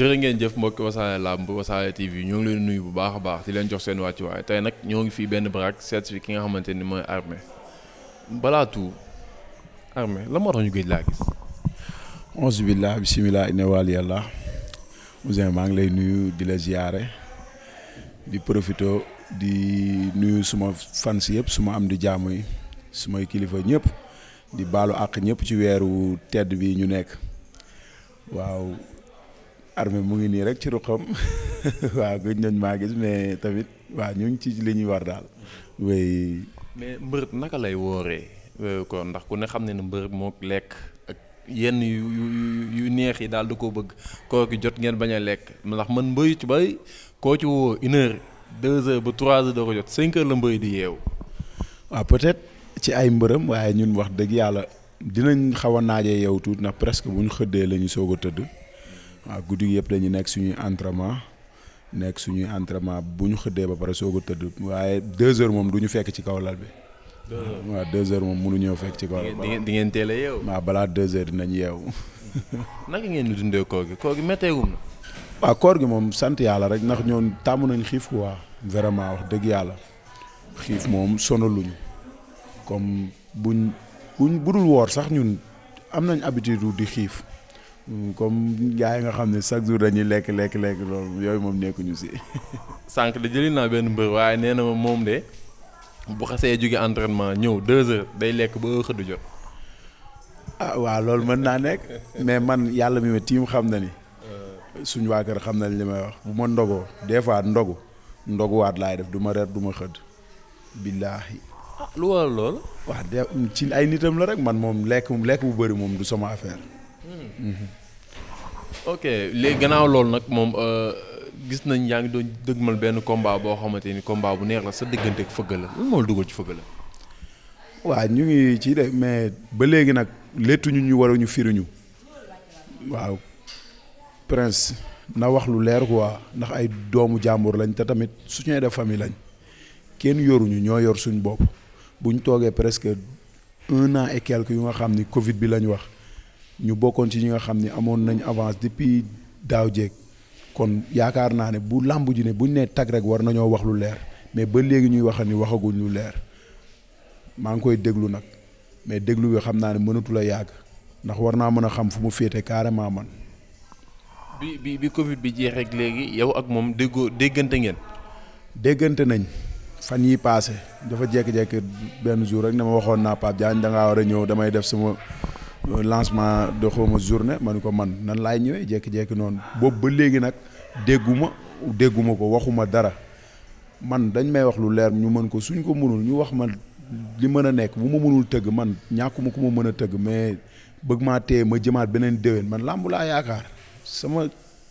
jërë ngeen jëf mbokk wasaare làmb wasaare TV ñoo ngi leen nuyu bu baax baax di leen jox seen wàccuwaay tey nag ñoo ngi fii benn baraak seet si ki nga xamante ni mooy Armé balaa tout Armé la moo tax ñu gëj laa gis. onze billah bisimilah inna wali yàlla Ouzin maa ngi lay nuyu di la ziyaare di profito di nuyu suma fans yëpp suma am di jaamu yi sumay kilifa ñëpp di baalu àq ñëpp ci weeru tedd bi ñu nekk waaw. armée mu ngi nii rek ci ruqam waaw gëj nañ maa gis mais tamit waaw ñu ngi ci li ñuy war daal way mais mbër naka lay wooree euh, kon ndax ku ne xam ne ni mbër moo lekk ak yenn yu neex yi daal da koo bëgg koo ki jot ngeen bañ a lekk ndax man mbëy ci bay koo ci woo une deux heures ba trois heures da ko jot cinq heures la mbëy di yeewu waaw peut-être ci ay mbërëm waaye ñun wax dëgg yàlla dinañ xaw a naajee yow tuuti ndax presque bu ñu xëddee la ñu soog a tëdd waaw guddi gi yëpp dañuy nekk suñuy entrement nekk suñuy entrement bu ñu xëddee ba pare soo a tëdd waaye deux heures moom du ñu fekk ci kaw lal bi. waaw deux heures moom munu ñëw fekk ci kaw lal bi. di ngeen di balaa deux heures dinañ yeew. naka ngeen di dundee koor gi koor gi métteegum na. waaw koor gi moom sant yàlla rek ndax ñoom tàmm nañu xiif quoi. vraiment wax dëgg yàlla xiif moom luñu comme buñ bu dul woor sax ñun am nañ habitude di xiif. comme gars yi nga xam ne chaque jour dañuy lekk lekk lekk loolu yooyu moom nekkuñu si. sànq de jëli naa benn mbër waaye nee na ma moom de bu xasee jóge entraînement ñëw deux heures day lekk ba xëddu jot. ah waaw loolu mën naa nekk mais man yàlla mi ma tiim xam na ni suñu waa kër xam na li may wax bu ma ndogoo des fois ndogu ndoguwaat laay def du ma reer du ma xëdd. billaahi. ah lu waral lool. waaw de ci ay nitam la rek man moom lekk lekk bu bëri moom du sama Mm-hmm. ok léegi gannaaw loolu nag moom euh, gis nañ yaa ngi doon dëgmal benn combat boo xamante ni combat bu neex la sa diggante ak fëgg la lan moo dugal ci fëgg la. waaw ñu ngi ci de mais ba léegi nag léttuñu ñu waruñu firiñu waaw prince na wax lu leer quoi ndax ay doomu jàmbur lañ te tamit suñu def famille lañ kenn yoruñu ñoo yor suñu bopp buñ toogee presque un an et quelques yu nga xam ni Covid bi lañu wax ñu bokkoon ci ñi nga xam ne amoon nañ avance depuis daaw jéeg kon yaakaar naa ne bu làmb ji ne buñ nee tag rek war nañoo wax lu leer mais ba léegi ñuy wax ni waxaguñ lu leer maa ngi koy déglu nag mais déglu wi xam naa ne mënatula yàgg ndax war naa mën a xam fu mu féete carrément man. bi bi bi Covid bi jeex rek léegi yow ak moom déggoo déggante ngeen. déggante nañ fan yi paase dafa jékki-jékki benn jour rek ne ma waxoon naa Pape Diagne danga war a ñëw damay def suma lancement de xawma journée ma ne ko man nan laay ñëwee jékki-jékki noonu boobu ba léegi nag dégguma dégguma ko waxuma dara man dañ may wax lu leer ñu mën ko suñ ko mënul ñu wax ma li mën a nekk bu ma mënul tëgg man ñàkkuma ku ma mën a tëgg mais bëgg maa téye ma jëmaat beneen déwén man làmbu laa yaakaar sama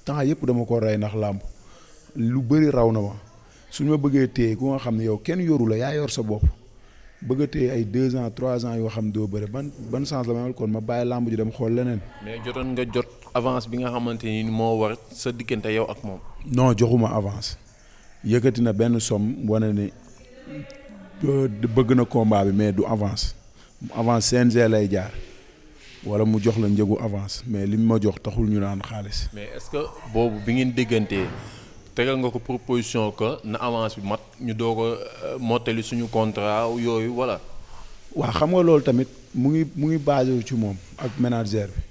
temps yëpp dama ko rey ndax làmbu lu bëri raw na ma suñ ma bëggee téye ku nga xam ne yow kenn yoru la yaa yor sa bopp bëgg ay deux ans trois ans yoo xam doo bëre ban ban chance la ma kon ma bàyyi làmb ji dem xool leneen. mais jotoon nga jot avance bi nga xamante ni moo war sa diggante yow ak moom. non joxuma avance yëkkati na benn somme wane ni euh, bëgg na combat bi mais du avance mu avance CNG lay jaar wala mu jox la njëgu avance mais li mu ma jox taxul ñu naan xaalis. mais est-ce que boobu bi ngeen déggantee. tegal nga ko proposition que na avance bi mat ñu doo ko euh, mottali suñu contrat yooyu voilà. waa xam nga loolu tamit mu ngi mu ngi basé wu ci moom ak menager bi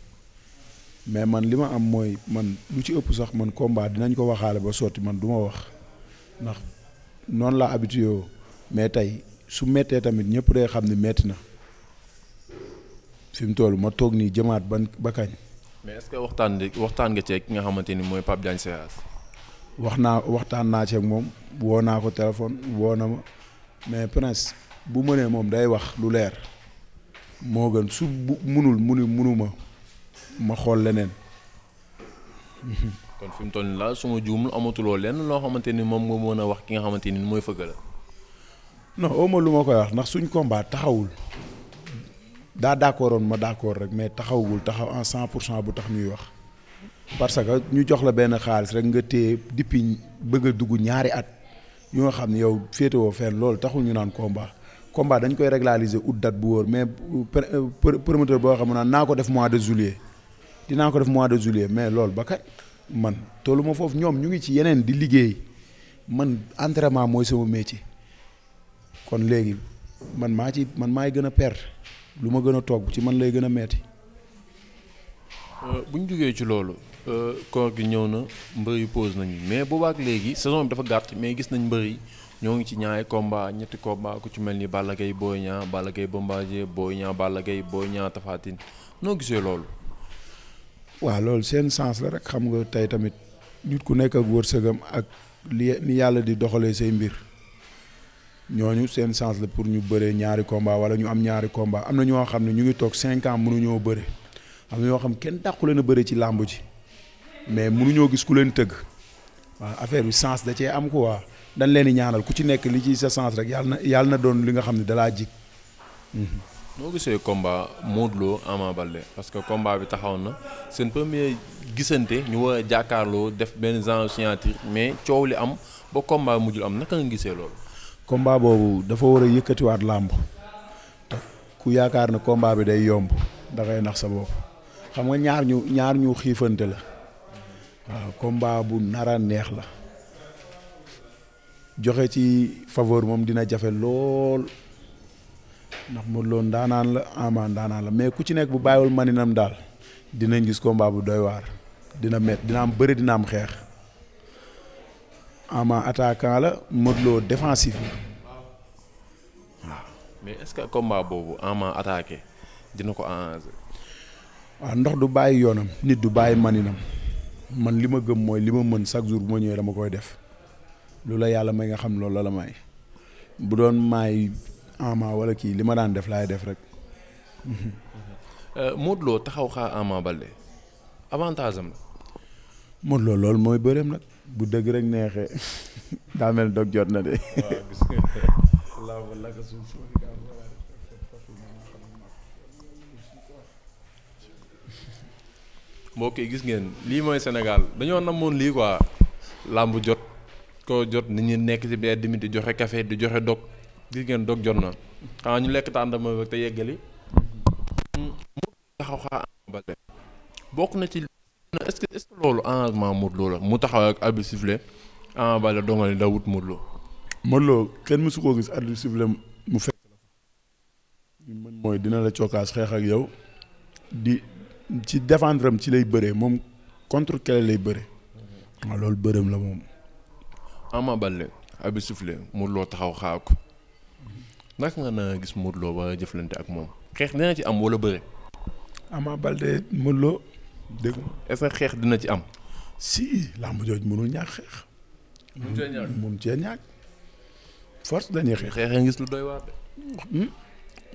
mais man li ma am mooy man lu ci ëpp sax man combat dinañ ko waxaale ba sotti man du ma wax ndax noonu laa habitué woo mais tey su mettee tamit ñëpp day xam ni métti na fi mu toll ma toog nii jëmaat ban ba kañ. mais est waxtaan que waxtaan waxtaan nga ceeg ki nga xamante ni mooy Pape Diagne Seras wax naa waxtaan naa ceeg moom woo naa ko téléphone woo na ma mais Prince bu mënee moom day wax lu leer moo gën su bu munul muni munuma ma xool leneen. kon fi mu toll nii laa su ma juumul amatuloo lenn loo xamante ni moom nga mën a wax ki nga xamante ni mooy fëgg la. non awma lu ma koy wax ndax suñ combat taxawul daa d'accordoon ma d'accord rek mais taxawul taxaw en cent pour cent bu tax muy wax. parce que ñu jox la benn xaalis rek nga téye depuis bëgg a dugg ñaari at yu nga xam ne yow féetewoo fenn loolu taxul ñu naan combat combat dañ koy régulariser août date bu wóor mais promoteur boo xam ne naa ko def mois de juillet dinaa ko def mois de juillet mais loolu ba kat man tollu ma foofu ñoom ñu ngi ci yeneen di liggéey man entraînement mooy sama métier kon léegi man maa ci man maay gën a perte lu ma gën a toog ci man lay gën a metti Euh, bu ñu jógee ci loolu. Euh, koor gi ñëw na mbër yi pause nañu mais boobaak léegi saison bi dafa gàtt mais gis nañ mbër yi ñoo ngi ci ñaari combat ñetti combat ku ci mel ni Balla Gaye Boy Niang Balla Gaye Bombardier Boy Niang Balla Gaye Boy Niang Tapha loolu. waaw loolu seen sens la rek xam nga tey tamit nit ku nekk ak wërsëgam ak li yàlla di doxalee say mbir ñooñu seen sens la pour ñu bëree ñaari komba wala ñu am ñaari komba am na ñoo xam ne ñu ngi toog cinq ans mënuñoo bëre. am yoo xam kenn dàqu leen a bëre ci làmb ji mais ñoo gis ku leen tëgg waaw affaire bi sens da cee am quoi dañ leen di ñaanal ku ci nekk li ci sa sens rek yal na yàlla na doon li nga xam ne dalaa jik mhm. noo gisee combat Modou Lo Ama Baldé parce que combat bi taxaw na seen premier gisante ñu war a jàkkaarloo def benn genre scientifique mais coow li am ba combat mujjul am naka nga gisee loolu. combat boobu dafa war a yëkkatiwaat làmb ku yaakaar ne combat bi day yomb da ngay sa bopp. xam nga ñaar ñu ñaar ñu xiifante la waaw combat bu nara neex la joxe ci faveur moom dina jafe lool ndax Modou Lo ndaanaan la Ama ndaanaan la mais ku ci nekk bu bàyyiwul maninam daal dina gis combat bu doy waar dina met dina am bari dina am xeex Ama attaquant la Modou Lo défensif la waaw. mais est-ce que combat boobu Ama attaqué dina ko arranger. waaw ndox du bàyyi yoonam nit du bàyyi maninam man li ma gëm mooy li ma mën chaque jour bu ma ñëwee dama koy def lu la yàlla may nga xam loolu la la may bu doon may ama wala kii li ma daan def laay def rek. Mhm. Euh, Modou loo taxaw xaa Ama Baldé avantage am na Modou Lo loolu mooy bëreem nag bu dëgg rek neexee daa mel dog jot na de. mbokk yi gis ngeen lii mooy Sénégal dañoo namoon lii quoi làmb jot koo jot nit ñu nekk ci mbedd mi di joxe kafe di joxe dog gis ngeen dog jot na xanaa ñu lekk tàndama ba te yeggali bokk na ci est-ce que est-ce loolu engagement Modou Lo mu taxaw ak arbitre sifflé Ama Baldé donga ne wut Modou Lo Modou Lo kenn mësu koo gis arbitre sifflé mu fekk la mën mooy dina la cokkaas xeex ak yow di ci defendre am ci lay bëree moom contre kele lay bëree. Mhm. waaw loolu bërëm la moom. Ama Baldé abi soufflé Modou taxaw xaar ko naka nga naa gis mutloo Lo ba jëflante ak moom xeex dina ci am wala bëre. Ama Baldé Modou Lo est xeex dina ci am. si làmb jooj mënul ñàkk xeex. mënul cee ñàkk mënul force dañuy xeex. xeex nga gis lu doy waar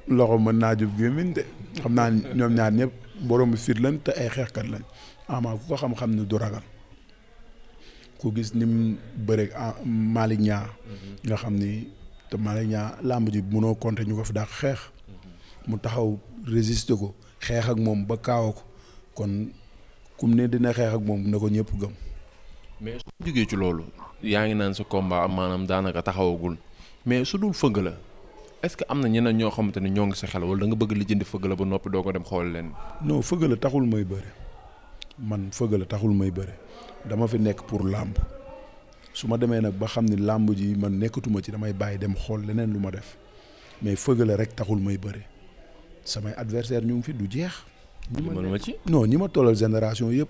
loxo mën naa jub gémmiñ de xam naa ñoom ñaar ñëpp borom fit lañ te ay xeexkat lañ ama ku ko xam-xam ne du ragal ku gis ni mu bëreeg ah, Malick Niang mm-hmm. nga xam ni te Malick Niang làmb ji mënoo compter ñu ko fi dàq xeex mm-hmm. mu taxaw résister ko xeex ak moom ba kaawa ko kon kum ne dina xeex ak moom na ko ñëpp gëm mais su jógee ci loolu yaa ngi naan sa combat am maanaam daanaka taxawagul mais su dul fëgg la est-ce que am na ñeneen ñoo xamante ni ñoo ngi sa xel wala da nga bëgg li jënd fëgg la ba noppi doo ko dem xool leen. non fëgg la taxul man fëgg la taxul may bëre dama fi nekk pour làmb su ma demee nag ba xam ni làmb ji man nekkatuma ci damay bàyyi dem xool leneen lu ma def mais fëgg la rek taxul may bëre samay adversaire ñu ngi fi du jeex. ñi ma ci non ñi ma tollal génération yëpp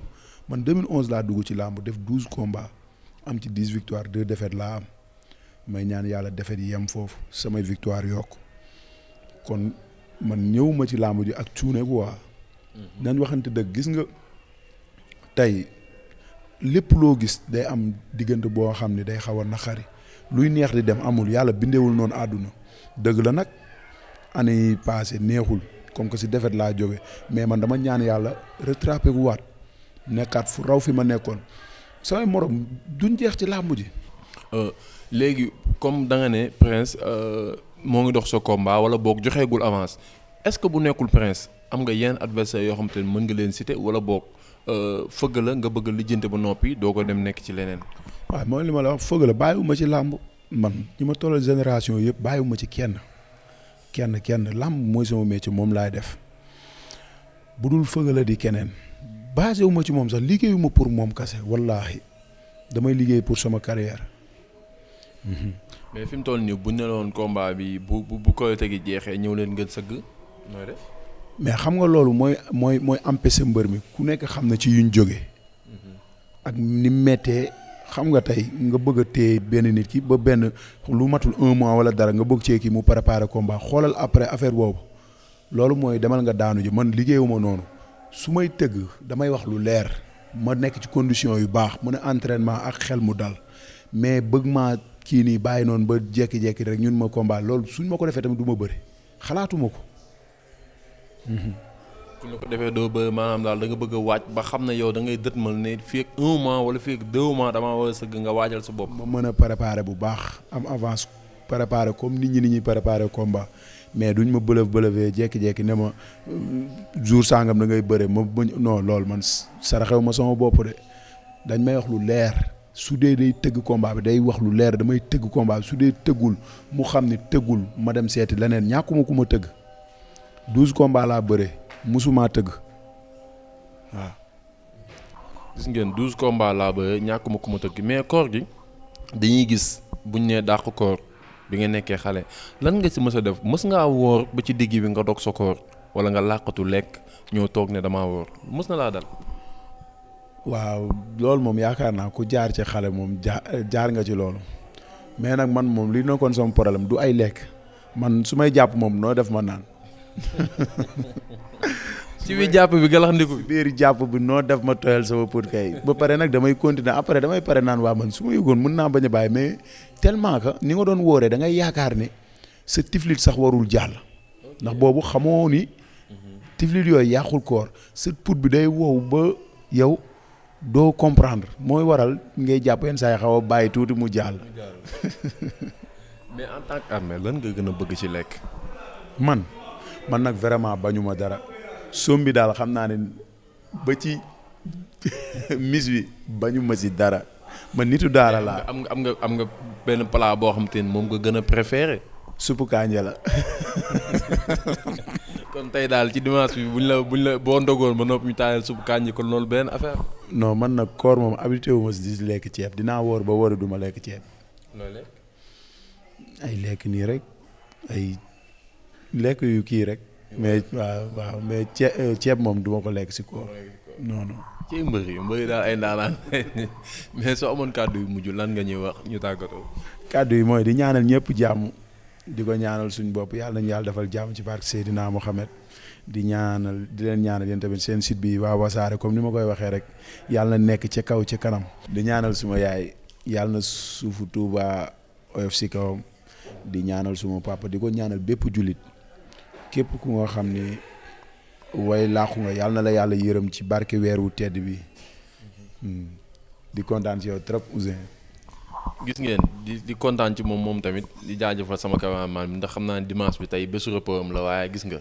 man 2011 laa dugg ci làmb def 12 combats am ci 10 victoires 2 défaites laa am. may ñaan yàlla defet yem foofu samay victoire yokk kon man ñëwuma ci làmb ji ak cuune waa mm-hmm. nañ waxante dëgg gis nga tey lépp loo gis day am diggante boo xam ne day xaw a naqari luy neex di dem amul yàlla bindeewul noonu àdduna dëgg la nag année yi neexul comme que si defet laa jóge mais man dama ñaan yàlla rattrapé gu waat nekkaat fu raw fi ma nekkoon samay morom duñ jeex ci làmb ji Euh, léegi comme danga nga ne Prince euh, moo ngi dox sa combat wala boog joxeegul avance est-ce que bu nekkul Prince am nga yenn adversaire yoo xam te ne mën nga leen citer wala boog euh, fëgg la nga bëgg lijjante ba noppi doo ko dem nekk ci leneen. waaw mooy li ma la wax fëgg la bàyyiwuma ci làmb man ñi ma tollal génération yëpp bàyyiwuma ci kenn kenn kenn làmb mooy sama métier moom laay def bu dul fëgg la di keneen basé wu ma ci moom sax liggéeyuma pour moom kase wallaahi damay liggéey pour sama carrière. mais fi mu toll nii bu ne la woon combat bi bu bu bu Korité gi jeexee ñëw leen ngeen sëgg nooy def. mais xam nga loolu mooy mooy mooy empêché mbër mi ku nekk xam na ci yuñ jógee. Mhm. ak ni mettee xam nga tey nga bëgg a téye benn nit ki ba benn lu matul un mois wala dara nga bëgg cee kii mu préparer combat xoolal après affaire boobu loolu mooy demal nga daanu ji man liggéeyuma noonu su may tëgg damay wax lu leer ma nekk ci condition yu baax mu ne entrainement ak xel mu dal mais kii nii bàyyi noonu ba jekki-jekki rek ñun ma combat lool suñ ma ko defee tamit du ma bëri xalaatuma ko. ku la ko defee doo bëri maanaam daal danga nga bëgg a waaj ba xam na yow da ngay dëtmal ne fii ak un mois wala fii ak deux mois damaa war a sëgg nga waajal sa bopp. ma mën a préparer bu baax am avance préparer comme nit ñi ni ñuy préparer combat mais duñ ma bëlëf bëlëfee jekki-jekki ne ma euh, jour sangam da ngay bëre ma non loolu man saraxew ma sama bopp de dañ may wax lu leer. su dee day tëgg combat bi day wax lu leer damay tëgg combat bi su dee tëggul mu xam ne tëggul ma dem seeti leneen ñàkkuma ku ma tëgg douze combat laa bëre musumaa tëgg waaw. gis ngeen douze combat laa bëre ñàkkuma ku ma tëgg mais koor gi dañuy gis buñ nee dàq koor bi nga nekkee xale lan nga si mës a def mës ngaa woor ba ci digg bi nga dog sa koor wala nga làqatu lekk ñoo toog ne dama woor mës na laa dal. waaw loolu moom yaakaar naa ku jaar ci xale moom jaar jaar nga ci loolu mais nag man moom li nekkoon sama problème du ay lekk man su may jàpp moom noo def ma naan. ci biir jàpp bi galaxndiku bi. biir jàpp bi noo def ma tooyal sama pour ba pare nag damay continuer après damay pare naan waa man su ma yëgoon mën naa bañ a bàyyi mais tellement que ni nga doon wooree dangay yaakaar ni sa tiflit sax warul jàll ndax boobu xamoo ni mhm. tiflit yooyu yàqul koor sa put bi day wow ba yow. doo comprendre mooy waral ngay jàpp yenn saa yi xaw a bàyyi tuuti mu jàll. mais en tant qu'Ameth lan nga gën a bëgg ci lekk. man man nag vraiment bañuma dara soom bi daal xam naa ne ba ci mis bi bañuma ci dara man nitu daara laa. am nga am nga am nga benn plat boo xam te moom nga gën a préféré. suppu kànja la. kon tey daal ci dimanche bi buñ la buñ la boo ndogoon ba noppi ñu taaleel suppu kànja kon loolu benn affaire. non mën na koor moom habitué wu ma si di lekk ceeb dinaa woor ba woor du ma lekk ceeb. loolee. ay lekk nii rek ay lekk yu kii rek. mais waaw waaw mais euh, ceeb moom duma ko lekk si koor. noonu non. ci mbër yi mbër daal ay ndaanaan mais soo amoon kàddu yu mujj lan nga ñuy wax ñu tàggatoo. kàddu yi mooy di ñaanal ñëpp jàmm. di ko ñaanal suñu bopp yàlla nañu yàlla defal jàmm ci barke Seydina Mohamed di ñaanal di leen ñaanal yéen tamit seen site bi waa wasaare comme ni ma koy waxee rek yàlla na nekk ci kaw ci kanam. di ñaanal suma yaay yàlla na suufu Touba oyof si kawam di ñaanal suma papa di ko ñaanal bépp jullit képp ku nga xam ni way làqu nga yàlla na la yàlla yërëm ci barke weer wu tedd bi hmm. di kontaan ci yow trop Ouzin. gis ngeen di di kontaan ci moom moom tamit di jaajëfal sama cameraman bi ndax xam naa dimanche bi tey bésu repos am la waaye gis nga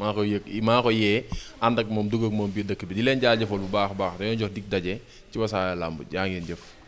maa ko yëg maa ko yee ànd ak moom dugg ak moom biir dëkk bi di leen jaajëfal bu baax a baax dañoo jox dig daje ci wasaare làmb jaa ngeen jëf.